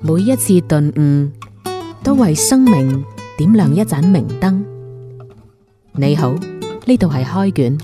每一次頓悟，都為生命點亮一盞明燈。你好，呢度係開卷，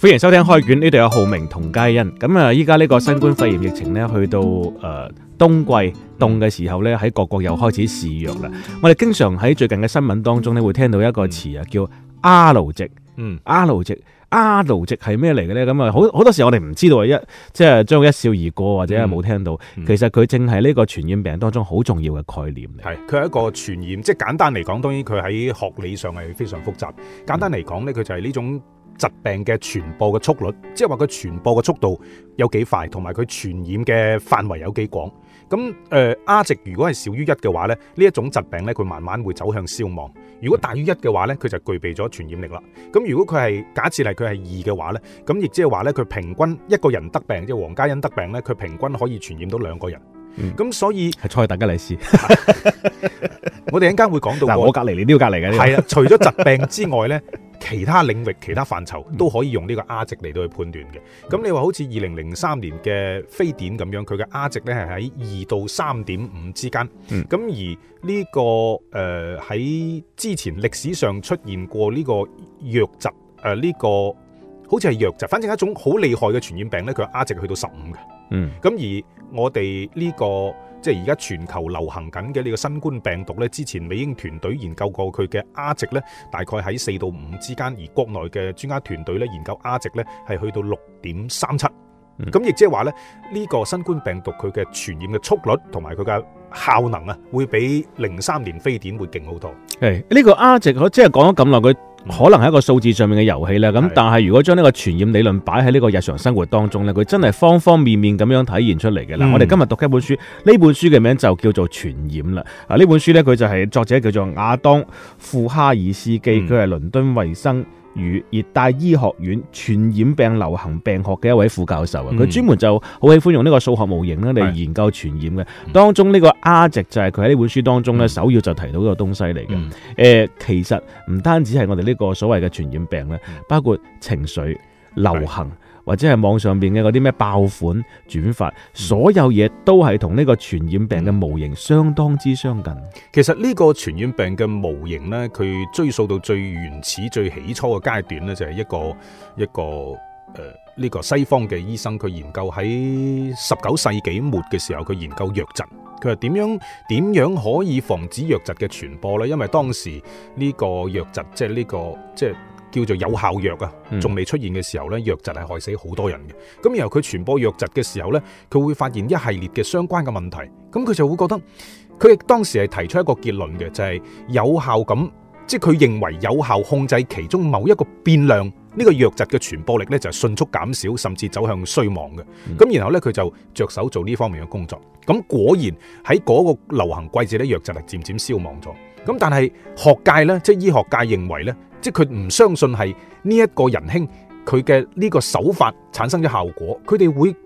歡迎收聽開卷，呢度有浩明同佳欣。咁啊，依家呢個新冠肺炎疫情呢，去到誒冬季凍嘅時候呢，喺各國又開始肆虐啦。我哋經常喺最近嘅新聞當中呢，會聽到一個詞啊，叫 R 值。嗯，R 值。阿奴積係咩嚟嘅咧？咁啊，好好多時我哋唔知道一，即係將一笑而過，或者係冇聽到。嗯嗯、其實佢正係呢個傳染病當中好重要嘅概念。係，佢係一個傳染，即係簡單嚟講，當然佢喺學理上係非常複雜。簡單嚟講咧，佢就係呢種疾病嘅傳播嘅速率，即係話佢傳播嘅速度有幾快，同埋佢傳染嘅範圍有幾廣。咁誒 R 值如果係少於一嘅話咧，呢一種疾病咧佢慢慢會走向消亡；如果大於一嘅話咧，佢就具備咗傳染力啦。咁如果佢係假設係佢係二嘅話咧，咁亦即係話咧佢平均一個人得病，即係黃家欣得病咧，佢平均可以傳染到兩個人。咁、嗯、所以係蔡大吉利是，是 我哋一陣間會講到我隔離你呢要隔離嘅，係啊，呢個、 除咗疾病之外咧。其他領域、其他範疇都可以用呢個 R 值嚟到去判斷嘅。咁你話好似二零零三年嘅非典咁樣，佢嘅 R 值咧係喺二到三點五之間。嗯，咁而呢、呢個誒喺、呃、之前歷史上出現過呢個瘧疾誒呢、呃呢個好似係瘧疾，反正一種好厲害嘅傳染病咧，佢嘅 R 值去到十五嘅。嗯，咁而我哋呢、呢個。即係而家全球流行緊嘅呢個新冠病毒咧，之前美英團隊研究過佢嘅 R 值咧，大概喺四到五之間；而國內嘅專家團隊咧研究 R 值咧，係去到六點三七。咁亦即係話咧，呢個新冠病毒佢嘅傳染嘅速率同埋佢嘅效能啊，會比零三年非典會勁好多。誒，呢個 R 值可即係講咗咁耐佢。可能係一個數字上面嘅遊戲啦，咁但係如果將呢個傳染理論擺喺呢個日常生活當中呢，佢真係方方面面咁樣體現出嚟嘅啦。嗯、我哋今日讀嘅一本書，呢本書嘅名就叫做《傳染》啦。啊，呢本書呢，佢就係作者叫做亞當庫哈爾斯基，佢係倫敦衛生。與熱帶醫學院傳染病流行病學嘅一位副教授啊，佢專、嗯、門就好喜歡用呢個數學模型咧嚟研究傳染嘅。是當中呢個 R 值就係佢喺呢本書當中咧首要就提到一個東西嚟嘅。誒、嗯呃，其實唔單止係我哋呢個所謂嘅傳染病咧，嗯、包括情緒是流行。或者係網上邊嘅嗰啲咩爆款轉發，所有嘢都係同呢個傳染病嘅模型相當之相近。其實呢個傳染病嘅模型呢，佢追溯到最原始、最起初嘅階段呢，就係一個一個誒呢、呃這個西方嘅醫生，佢研究喺十九世紀末嘅時候，佢研究瘧疾。佢話點樣點樣可以防止瘧疾嘅傳播呢？因為當時呢個瘧疾即係呢個即係。就是叫做有效藥啊，仲未出現嘅時候呢，瘧疾係害死好多人嘅。咁然後佢傳播瘧疾嘅時候呢，佢會發現一系列嘅相關嘅問題。咁佢就會覺得，佢亦當時係提出一個結論嘅，就係、是、有效咁，即係佢認為有效控制其中某一個變量，呢、這個瘧疾嘅傳播力呢，就係迅速減少，甚至走向衰亡嘅。咁、嗯、然後呢，佢就着手做呢方面嘅工作。咁果然喺嗰個流行季節呢，瘧疾係漸漸消亡咗。咁但係學界呢，即、就、係、是、醫學界認為呢。即係佢唔相信係呢一個人兄佢嘅呢個手法產生咗效果，佢哋會誒、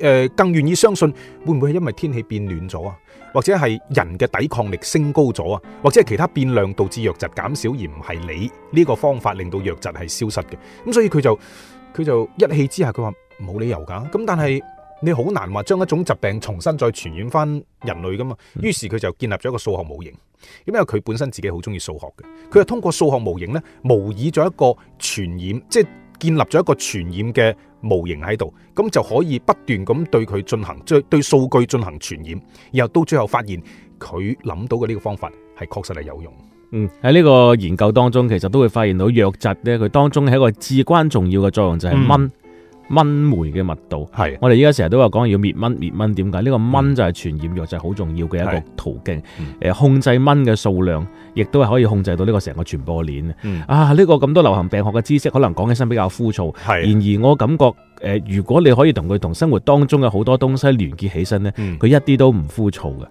呃、更願意相信會唔會係因為天氣變暖咗啊，或者係人嘅抵抗力升高咗啊，或者係其他變量導致瘧疾減少而唔係你呢個方法令到瘧疾係消失嘅，咁所以佢就佢就一氣之下佢話冇理由噶，咁但係。你好難話將一種疾病重新再傳染翻人類噶嘛？於是佢就建立咗一個數學模型，因為佢本身自己好中意數學嘅，佢係通過數學模型咧模擬咗一個傳染，即係建立咗一個傳染嘅模型喺度，咁就可以不斷咁對佢進行，對對數據進行傳染，然後到最後發現佢諗到嘅呢個方法係確實係有用。嗯，喺呢個研究當中，其實都會發現到藥疾咧，佢當中係一個至關重要嘅作用就係蚊。嗯蚊媒嘅密度係，的我哋依家成日都話講要滅蚊滅蚊，點解呢個蚊、嗯、就係傳染藥就係、是、好重要嘅一個途徑？誒、嗯呃，控制蚊嘅數量，亦都係可以控制到呢個成個傳播鏈、嗯、啊！呢、這個咁多流行病學嘅知識，可能講起身比較枯燥。係的，然而我感覺誒、呃，如果你可以同佢同生活當中嘅好多東西連結起身咧，佢、嗯、一啲都唔枯燥嘅。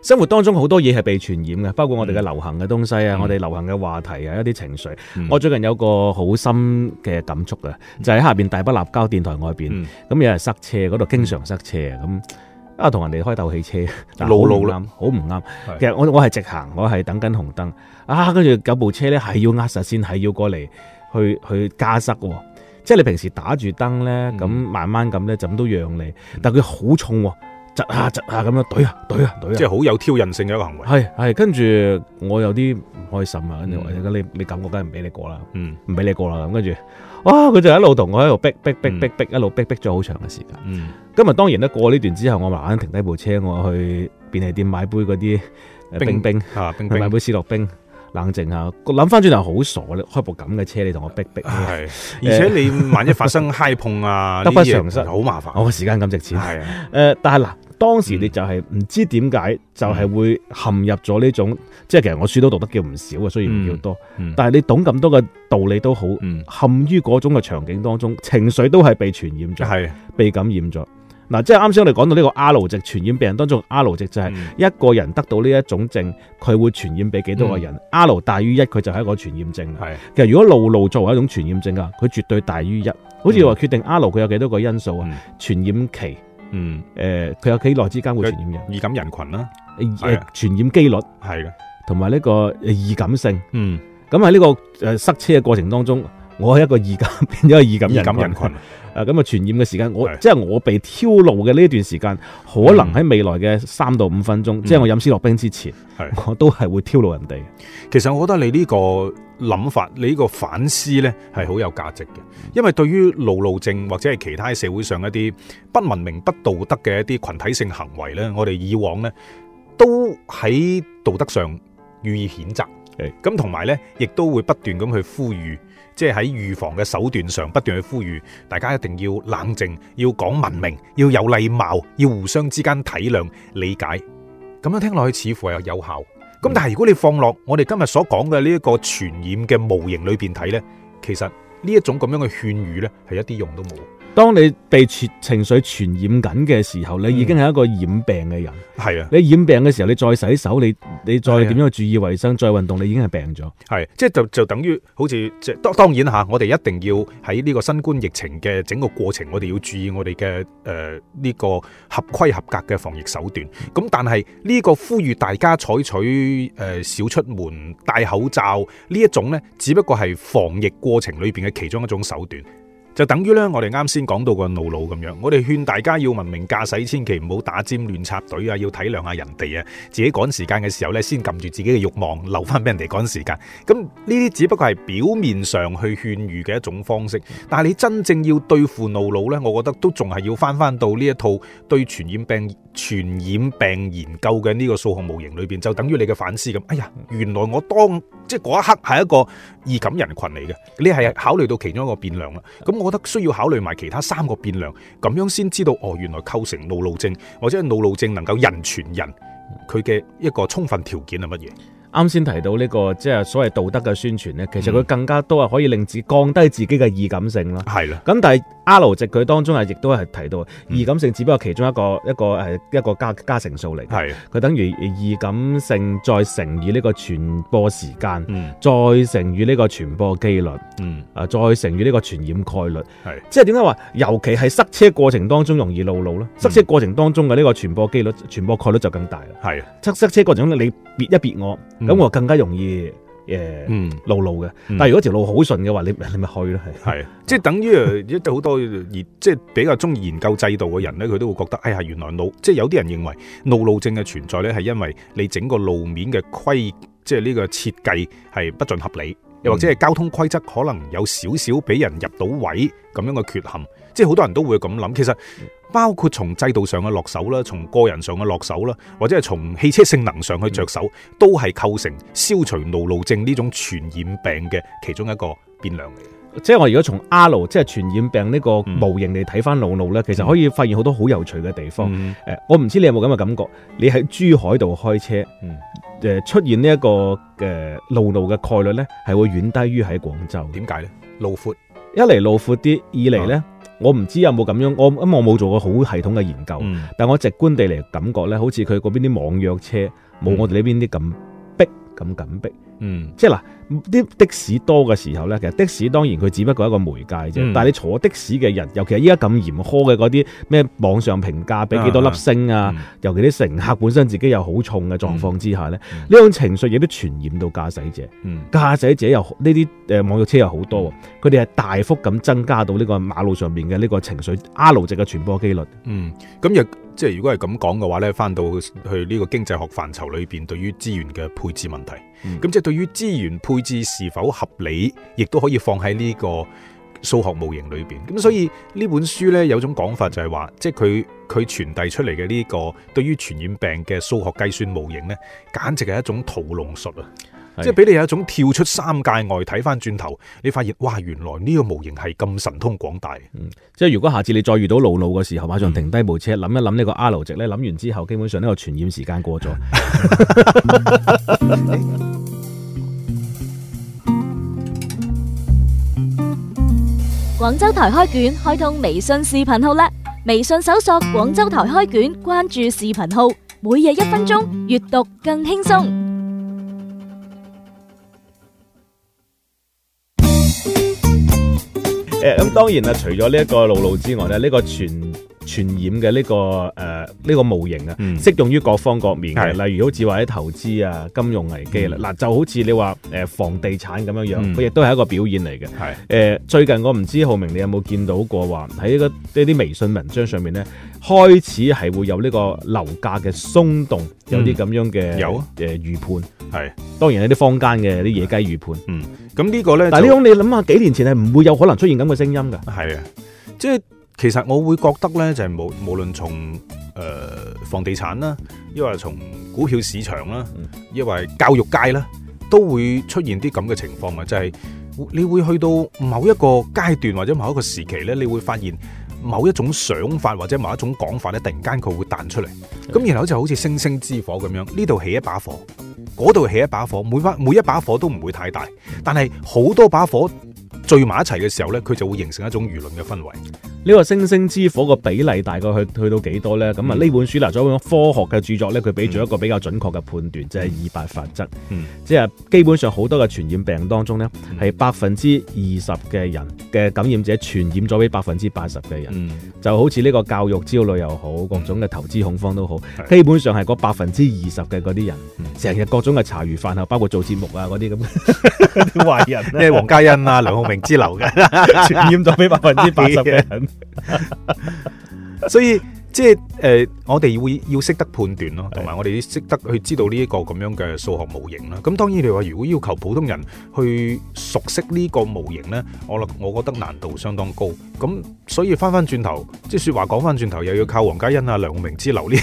生活當中好多嘢係被傳染嘅，包括我哋嘅流行嘅東西啊，嗯、我哋流行嘅話題啊，一啲情緒。嗯、我最近有個好深嘅感觸啊，嗯、就喺下邊大北立交電台外邊，咁、嗯、有人塞車，嗰度經常塞車咁、嗯、啊，同人哋開鬥氣車，老路啦，好唔啱。其實我我係直行，我係等緊紅燈的啊，跟住有部車咧係要壓實線，係要過嚟去去加塞。即係你平時打住燈咧，咁慢慢咁咧，就咁都讓你，嗯、但佢好重。窒下窒下咁樣懟啊懟啊懟啊，即係好有挑釁性嘅一個行為。係係，跟住我有啲唔開心啊，你你感覺梗係唔俾你過啦，唔俾你過啦咁，跟住啊，佢就一路同我喺度逼逼逼逼逼，一路逼逼咗好長嘅時間。今日當然呢，過呢段之後，我慢慢停低部車，我去便利店買杯嗰啲冰冰吓，冰，買杯思樂冰，冷靜下。我諗翻轉頭好傻咧，你開部咁嘅車你同我逼逼，係，而且你萬一發生揩碰啊，得不償失，好麻煩。我時間咁值錢，係啊，誒，但係嗱。當時你就係唔知點解，就係會陷入咗呢種，嗯、即係其實我書都讀得叫唔少啊，所以唔叫多，嗯嗯、但係你懂咁多嘅道理都好，嗯、陷於嗰種嘅場景當中，情緒都係被傳染咗，嗯、被感染咗。嗱、啊，即係啱先我哋講到呢個 R 值傳染病人當中，R 值就係一個人得到呢一種症，佢會傳染俾幾多個人、嗯、？R 大於一，佢就係一個傳染症、嗯、其實如果露露作為一種傳染症啊，佢絕對大於一。好似話決定 R 佢有幾多個因素啊、嗯？傳染期。嗯，誒、呃，佢有幾耐之間會傳染嘅？易感人群啦、啊，誒、呃，傳染幾率係嘅，同埋呢個易感性，嗯，咁喺呢個誒塞車嘅過程當中。我係一個易感一個易感人群，誒咁啊傳染嘅時間，我是即係我被挑路嘅呢段時間，可能喺未來嘅三到五分鐘，嗯、即係我飲私落冰之前，是我都係會挑路人哋。其實我覺得你呢個諗法，你呢個反思呢，係好有價值嘅，因為對於露露症或者係其他社會上一啲不文明、不道德嘅一啲群體性行為呢，我哋以往呢，都喺道德上予以譴責，誒咁同埋呢，亦都會不斷咁去呼籲。即係喺預防嘅手段上不斷去呼籲，大家一定要冷靜，要講文明，要有禮貌，要互相之間體諒理解。咁樣聽落去似乎係有效。咁但係如果你放落我哋今日所講嘅呢一個傳染嘅模型裏邊睇呢，其實呢一種咁樣嘅勸喻呢，係一啲用都冇。當你被情緒傳染緊嘅時候，嗯、你已經係一個染病嘅人。係啊，你染病嘅時候，你再洗手，你你再點樣注意衛生，啊、再運動，你已經係病咗。係，即係就就等於好似即當當然吓、啊，我哋一定要喺呢個新冠疫情嘅整個過程，我哋要注意我哋嘅誒呢個合規合格嘅防疫手段。咁、嗯、但係呢、呢個呼籲大家採取誒少、呃、出門、戴口罩呢一種呢，只不過係防疫過程裏邊嘅其中一種手段。就等於咧，我哋啱先講到個怒怒咁樣，我哋勸大家要文明駕駛，千祈唔好打尖亂插隊啊！要體諒下人哋啊，自己趕時間嘅時候咧，先撳住自己嘅慾望，留翻俾人哋趕時間。咁呢啲只不過係表面上去勸喻嘅一種方式，但係你真正要對付怒怒呢，我覺得都仲係要翻翻到呢一套對傳染病。傳染病研究嘅呢個數學模型裏邊，就等於你嘅反思咁。哎呀，原來我當即嗰一刻係一個易感人群嚟嘅，你係考慮到其中一個變量啦。咁我覺得需要考慮埋其他三個變量，咁樣先知道哦。原來構成路路症或者係路路症能夠人傳人，佢嘅一個充分條件係乜嘢？啱先提到呢、呢個即係所謂道德嘅宣傳咧，其實佢更加多係可以令自己降低自己嘅易感性啦。係啦、嗯，咁但係。阿 R 值佢當中係亦都係提到易感性，只不過其中一個一個係一個加加成數嚟。係佢的等於易感性再乘以呢個傳播時間，嗯，再乘以呢個傳播機率，嗯，啊，再乘以呢個傳染概率，係的。即係點解話尤其係塞車過程當中容易路路咧？塞車過程當中嘅呢個傳播機率、傳播概率就更大啦。係的。塞塞車過程當中，你別一別我，咁、嗯、我更加容易。誒，嗯、路路嘅，但係如果條路好順嘅話，嗯、你你咪去咯，係是， 即係等於一好多研，即係比較中意研究制度嘅人咧，佢都會覺得，哎呀，原來路，即係有啲人認為路路症嘅存在咧，係因為你整個路面嘅規，即係呢個設計係不盡合理，又、嗯、或者係交通規則可能有少少俾人入到位咁樣嘅缺陷，即係好多人都會咁諗，其實。包括從制度上嘅落手啦，從個人上嘅落手啦，或者係從汽車性能上去着手，嗯、都係構成消除路怒症呢種傳染病嘅其中一個變量嚟。即係我如果從 R 即係傳染病呢個模型嚟睇翻路怒咧，嗯、其實可以發現好多好有趣嘅地方。誒、嗯呃，我唔知你有冇咁嘅感覺？你喺珠海度開車，誒、嗯呃，出現呢、這、一個誒、呃、路怒嘅概率咧，係會遠低於喺廣州。呢 Low、點解咧、啊？路闊，一嚟路闊啲，二嚟咧。.我唔知有冇咁樣。我因為我冇做過好系統嘅研究，嗯、但我直觀地嚟感覺咧，好似佢嗰邊啲網約車冇我哋呢邊啲咁逼咁緊逼。嗯，即係嗱，啲的士多嘅時候咧，其實的士當然佢只不過係一個媒介啫。嗯、但係你坐的士嘅人，尤其係依家咁嚴苛嘅嗰啲咩網上評價，俾幾多粒星啊？嗯嗯、尤其啲乘客本身自己又好重嘅狀況之下咧，呢種情緒亦都傳染到駕駛者。嗯，駕駛者，、嗯、者又呢啲誒網約車又好多，佢哋係大幅咁增加到呢個馬路上面嘅呢個情緒 R 值嘅傳播幾率。嗯，咁又。即係如果係咁講嘅話咧，翻到去呢個經濟學範疇裏邊，對於資源嘅配置問題，咁即係對於資源配置是否合理，亦都可以放喺呢個數學模型裏邊。咁所以呢本書咧，有種講法就係話，即係佢佢傳遞出嚟嘅呢個對於傳染病嘅數學計算模型咧，簡直係一種屠龍術啊！即係俾你有一種跳出三界外睇翻轉頭，你發現哇，原來呢個模型係咁神通廣大。嗯，即係如果下次你再遇到路怒嘅時候，馬上停低部車，諗，嗯，一諗呢個 R 值呢，諗完之後，基本上呢個傳染時間過咗。廣 州台開卷開通微信視頻號啦，微信搜索廣州台開卷，關注視頻號，每日一分鐘，閱讀更輕鬆。咁當然啦，除咗呢一個露露之外咧，呢個全傳染嘅呢個誒呢個模型啊，適用於各方各面嘅，例如好似話喺投資啊、金融危機啦，嗱就好似你話誒房地產咁樣樣，佢亦都係一個表現嚟嘅。係誒，最近我唔知浩明你有冇見到過話喺呢個呢啲微信文章上面咧，開始係會有呢個樓價嘅鬆動，有啲咁樣嘅有誒預判係，當然係啲坊間嘅啲野雞預判。嗯，咁呢個咧，但係呢種你諗下幾年前係唔會有可能出現咁嘅聲音㗎。係啊，即係。其實我會覺得咧，就係、是、無無論從誒房地產啦，亦或係從股票市場啦，亦或教育界啦，都會出現啲咁嘅情況啊！就係、是、你會去到某一個階段或者某一個時期咧，你會發現某一種想法或者某一種講法咧，突然間佢會彈出嚟，咁是的 然後就好似星星之火咁樣，呢度起一把火，嗰度起一把火，每把每一把火都唔會太大，但係好多把火，聚埋一齊嘅時候呢，佢就會形成一種輿論嘅氛圍。呢個星星之火嘅比例大概去去到幾多呢？咁啊、嗯，呢本書拿咗科學嘅著作呢，佢俾咗一個比較準確嘅判斷，嗯、就係二八法則。即係基本上好多嘅傳染病當中呢係百分之二十嘅人嘅感染者傳染咗俾百分之八十嘅人。嗯、就好似呢個教育焦慮又好，各種嘅投資恐慌都好，的基本上係嗰百分之二十嘅嗰啲人，成日的各種嘅茶餘飯後，包括做節目啊嗰啲咁嘅壞人，即係 黃家欣啊、梁浩明。之流嘅傳染咗俾百分之八十嘅人， 所以即係誒、呃，我哋會要識得判斷咯，同埋我哋要識得去知道呢一個咁樣嘅數學模型啦。咁當然你話如果要求普通人去熟悉呢個模型咧，我我覺得難度相當高。咁所以翻翻轉頭，即係說話講翻轉頭，又要靠黃家欣啊、梁明之流呢，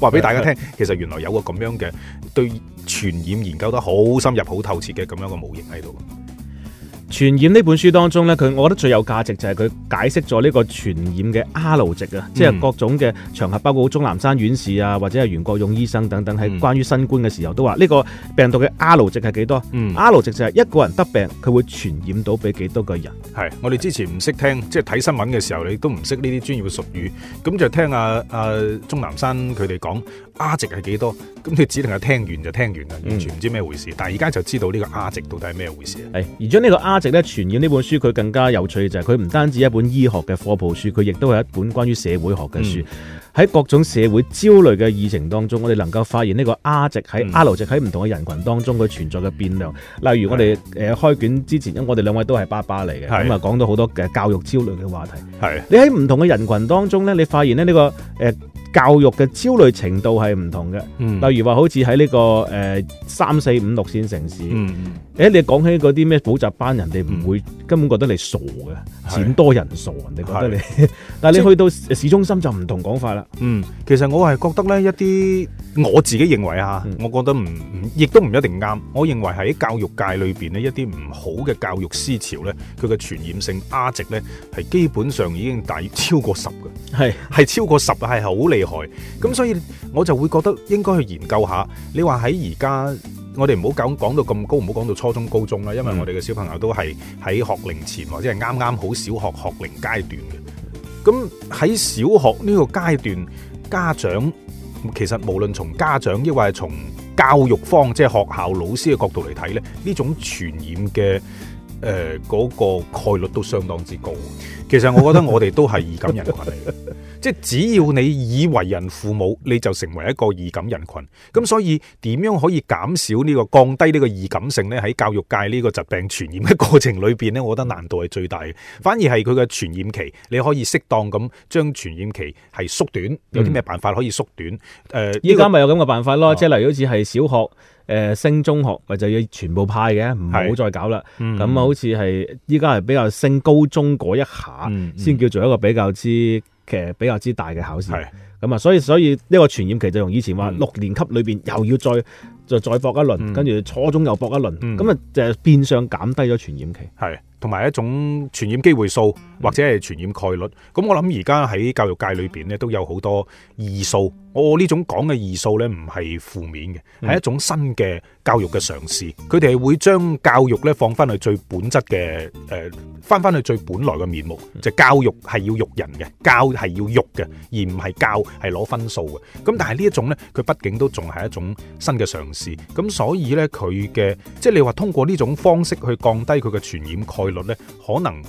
話 俾大家聽， 其實原來有個咁樣嘅對傳染研究得好深入、好透徹嘅咁樣嘅模型喺度。傳染呢本書當中呢，佢我覺得最有價值就係佢解釋咗呢個傳染嘅 R 值啊，嗯、即係各種嘅場合，包括鍾南山院士啊，或者係袁國勇醫生等等，喺關於新冠嘅時候都話呢個病毒嘅 R 值係幾多、嗯？R 值就係一個人得病佢會傳染到俾幾多個人？係我哋之前唔識聽，即係睇新聞嘅時候你都唔識呢啲專業嘅術語，咁就聽阿阿鍾南山佢哋講 R 值係幾多？咁你指定係聽完就聽完啦，完全唔知咩回事。嗯、但係而家就知道呢個 R 值到底係咩回事啊？係而將呢個 R 直咧，傳染呢本書佢更加有趣就係佢唔單止一本醫學嘅科普書，佢亦都係一本關於社會學嘅書。喺、嗯、各種社會焦慮嘅議程當中，我哋能夠發現呢個 R 值喺、嗯、R 值喺唔同嘅人群當中佢存在嘅變量。例如我哋誒是、呃、開卷之前，因為我哋兩位都係爸爸嚟嘅，咁啊是講到好多嘅教育焦慮嘅話題。係是你喺唔同嘅人群當中咧，你發現咧、這、呢個誒、呃、教育嘅焦慮程度係唔同嘅。嗯、例如話好似喺呢個誒。呃三四五六線城市，誒、嗯，你講起嗰啲咩補習班，人哋唔會根本覺得你傻嘅，錢、嗯、多人傻，是人哋覺得你。是但係你去到市中心就唔同講法啦。嗯，其實我係覺得呢一啲我自己認為啊，嗯、我覺得唔，亦都唔一定啱。我認為喺教育界裏邊呢，一啲唔好嘅教育思潮呢，佢嘅傳染性 R 值呢，係基本上已經大超過十嘅。係係是超過十係好厲害，咁所以。我就會覺得應該去研究下。你話喺而家，我哋唔好講講到咁高，唔好講到初中、高中啦，因為我哋嘅小朋友都係喺學齡前、嗯、或者係啱啱好小學學齡階段嘅。咁喺小學呢個階段，家長其實無論從家長亦或係從教育方，即係學校老師嘅角度嚟睇呢，呢種傳染嘅誒嗰個概率都相當之高。其實我覺得我哋都係易感人群嚟。 即只要你以為人父母，你就成為一個易感人群。咁所以點樣可以減少呢、呢個降低呢個易感性咧？喺教育界呢個疾病傳染嘅過程裏邊咧，我覺得難度係最大嘅。反而係佢嘅傳染期，你可以適當咁將傳染期係縮短。有啲咩辦法可以縮短？誒、嗯，依家咪有咁嘅辦法咯。即係、哦、例如好似係小學誒、呃、升中學咪就要全部派嘅，唔好再搞啦。咁啊，嗯、好似係依家係比較升高中嗰一下，先、嗯嗯、叫做一個比較之。嘅比較之大嘅考試，係咁啊，所以所以呢個傳染期就用以前話六、嗯、年級裏邊又要再就再再搏一輪，跟住、嗯、初中又搏一輪，咁啊、嗯、就係變相減低咗傳染期，係。同埋一種傳染機會數或者係傳染概率，咁、嗯、我諗而家喺教育界裏邊咧都有好多異數，我呢種講嘅異數咧唔係負面嘅，係一種新嘅教育嘅嘗試，佢哋會將教育咧放翻去最本質嘅誒翻翻去最本來嘅面目，就教育係要育人嘅，教係要育嘅，而唔係教係攞分數嘅。咁但係呢一種咧，佢畢竟都仲係一種新嘅嘗試，咁所以咧佢嘅即係你話通過呢種方式去降低佢嘅傳染概率率可能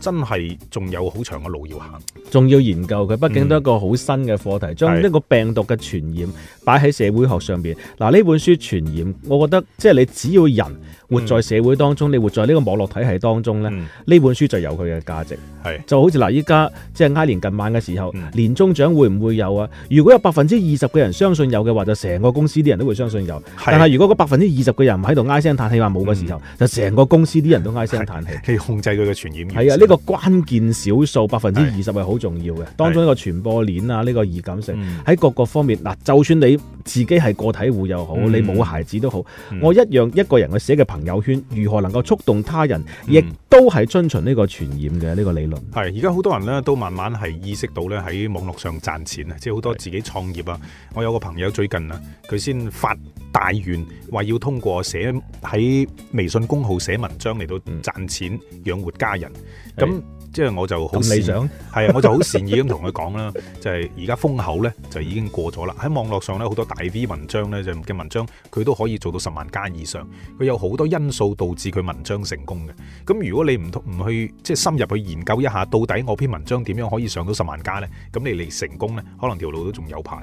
真係仲有好長嘅路要行，仲要研究佢，畢竟都一個好新嘅課題，將呢、嗯、個病毒嘅傳染擺喺社會學上邊。嗱，呢本書傳染，我覺得即係你只要人。活在社會當中，你活在呢個網絡體系當中呢，呢本書就有佢嘅價值。係，就好似嗱，依家即係挨年近晚嘅時候，年終獎會唔會有啊？如果有百分之二十嘅人相信有嘅話，就成個公司啲人都會相信有。但係如果個百分之二十嘅人唔喺度唉聲嘆氣話冇嘅時候，就成個公司啲人都唉聲嘆氣。係控制佢嘅傳染。係啊，呢個關鍵少數百分之二十係好重要嘅，當中一個傳播鏈啊，呢個易感性喺各個方面。嗱，就算你。自己係個體戶又好，嗯、你冇孩子都好，嗯、我一樣一個人去寫嘅朋友圈，如何能夠觸動他人，嗯、亦都係遵循呢個傳染嘅呢、呢個理論。係而家好多人呢都慢慢係意識到呢喺網絡上賺錢啊，即係好多自己創業啊。是我有個朋友最近啊，佢先發大願，話要通過寫喺微信公號寫文章嚟到賺錢、嗯、養活家人咁。即係我就好，理想，係啊，我就好善意咁同佢講啦。 就係而家風口咧，就已經過咗啦。喺網絡上咧，好多大 V 文章咧，就嘅文章佢都可以做到十萬加以上。佢有好多因素導致佢文章成功嘅。咁如果你唔去，唔去即係深入去研究一下，到底我篇文章點樣可以上到十萬加咧？咁你嚟成功咧，可能條路都仲有排。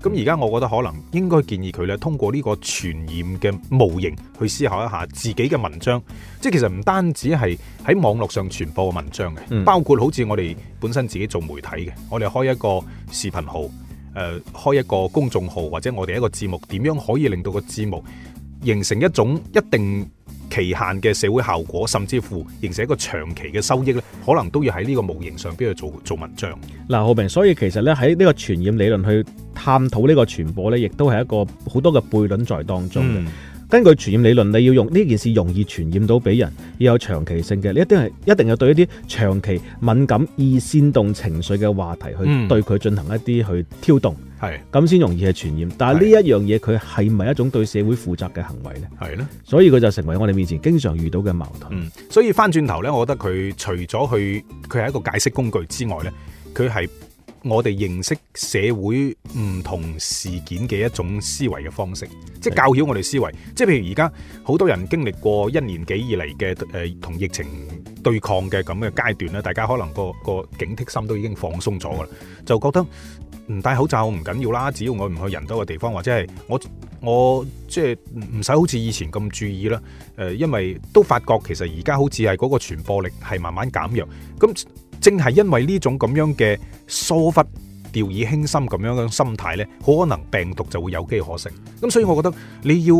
咁而家，嗯、我覺得可能應該建議佢咧，通過呢個傳染嘅模型去思考一下自己嘅文章。即係其實唔單止係喺網絡上傳播嘅文章嘅，嗯、包括好似我哋本身自己做媒體嘅，我哋開一個視頻號誒、呃、開一個公眾號或者我哋一個節目，點樣可以令到個節目形成一種一定期限嘅社會效果，甚至乎形成一個長期嘅收益咧，可能都要喺呢個模型上邊去做做文章。嗱，浩明，所以其實咧喺呢個傳染理論去。探討呢個傳播呢，亦都係一個好多嘅悖論在當中。根據傳染理論，你要用呢件事容易傳染到俾人，要有長期性嘅。你一啲係一定要對一啲長期敏感、易煽動情緒嘅話題去對佢進行一啲去挑動，係咁先容易係傳染。是但係呢一樣嘢，佢係咪一種對社會負責嘅行為呢？係咧呢，所以佢就成為我哋面前經常遇到嘅矛盾。嗯、所以翻轉頭呢，我覺得佢除咗去佢係一個解釋工具之外呢，佢係。我哋認識社會唔同事件嘅一種思維嘅方式，即係教曉我哋思維。即係譬如而家好多人經歷過一年幾以嚟嘅誒，同、呃、疫情對抗嘅咁嘅階段咧，大家可能個個警惕心都已經放鬆咗噶啦，嗯、就覺得唔戴口罩唔緊要啦，只要我唔去人多嘅地方或者係我我即係唔使好似以前咁注意啦。誒、呃，因為都發覺其實而家好似係嗰個傳播力係慢慢減弱，咁。正係因為呢種咁樣嘅疏忽、掉以輕心咁樣嘅心態呢，可能病毒就會有機可乘。咁所以，我覺得你要。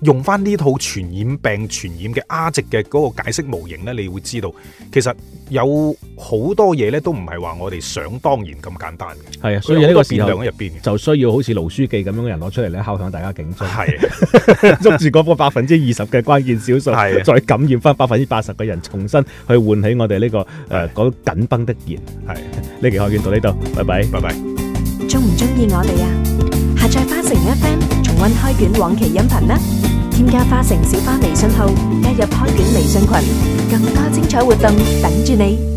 用翻呢套傳染病傳染嘅 R 值嘅嗰個解釋模型咧，你會知道其實有好多嘢咧，都唔係話我哋想當然咁簡單嘅。係啊，所以呢個變量喺入邊就需要好似盧書記咁樣嘅人攞出嚟咧，敲響大家警鐘，係的 捉住嗰個百分之二十嘅關鍵少數，係的再感染翻百分之八十嘅人，重新去喚起我哋呢、這個誒嗰緊繃的弦。係呢、呃那個， 期再見，到呢度，拜拜，拜拜。鍾唔鍾意我哋啊？下載花城 FM。開卷往期音頻啦！添加花城小花微信號，加入開卷微信群，更多精彩活動等住你。